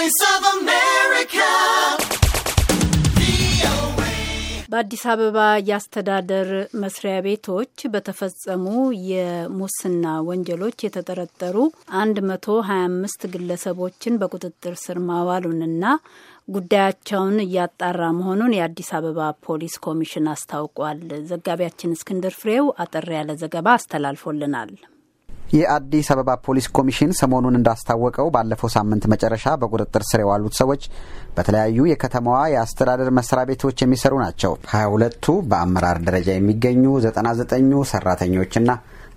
Voice of America. በአዲስ አበባ የአስተዳደር መስሪያ ቤቶች በተፈጸሙ የሙስና ወንጀሎች የተጠረጠሩ 125 ግለሰቦችን በቁጥጥር ስር ማዋሉንና ጉዳያቸውን እያጣራ መሆኑን የአዲስ አበባ ፖሊስ ኮሚሽን አስታውቋል። ዘጋቢያችን እስክንድር ፍሬው አጠር ያለ ዘገባ አስተላልፎልናል። የአዲስ አበባ ፖሊስ ኮሚሽን ሰሞኑን እንዳስታወቀው ባለፈው ሳምንት መጨረሻ በቁጥጥር ስር የዋሉት ሰዎች በተለያዩ የከተማዋ የአስተዳደር መስሪያ ቤቶች የሚሰሩ ናቸው። ሀያ ሁለቱ በአመራር ደረጃ የሚገኙ ዘጠና ዘጠኙ ሰራተኞችና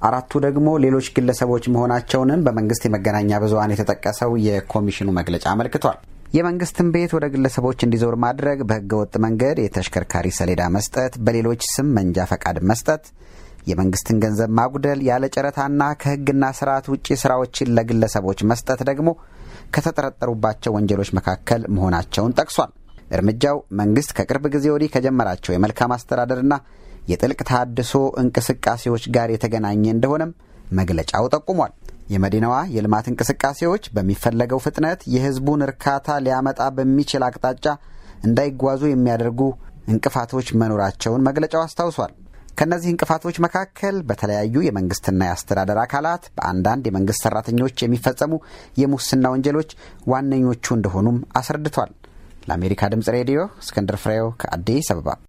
አራቱ ደግሞ ሌሎች ግለሰቦች መሆናቸውንም በመንግስት የመገናኛ ብዙሀን የተጠቀሰው የኮሚሽኑ መግለጫ አመልክቷል። የመንግስትን ቤት ወደ ግለሰቦች እንዲዞር ማድረግ፣ በህገወጥ መንገድ የተሽከርካሪ ሰሌዳ መስጠት፣ በሌሎች ስም መንጃ ፈቃድ መስጠት የመንግስትን ገንዘብ ማጉደል ያለ ጨረታና ከህግና ስርዓት ውጪ ስራዎችን ለግለሰቦች መስጠት ደግሞ ከተጠረጠሩባቸው ወንጀሎች መካከል መሆናቸውን ጠቅሷል። እርምጃው መንግስት ከቅርብ ጊዜ ወዲህ ከጀመራቸው የመልካም አስተዳደርና የጥልቅ ተሃድሶ እንቅስቃሴዎች ጋር የተገናኘ እንደሆነም መግለጫው ጠቁሟል። የመዲናዋ የልማት እንቅስቃሴዎች በሚፈለገው ፍጥነት የህዝቡን እርካታ ሊያመጣ በሚችል አቅጣጫ እንዳይጓዙ የሚያደርጉ እንቅፋቶች መኖራቸውን መግለጫው አስታውሷል። ከእነዚህ እንቅፋቶች መካከል በተለያዩ የመንግስትና የአስተዳደር አካላት በአንዳንድ የመንግስት ሰራተኞች የሚፈጸሙ የሙስና ወንጀሎች ዋነኞቹ እንደሆኑም አስረድቷል። ለአሜሪካ ድምጽ ሬዲዮ እስክንድር ፍሬው ከአዲስ አበባ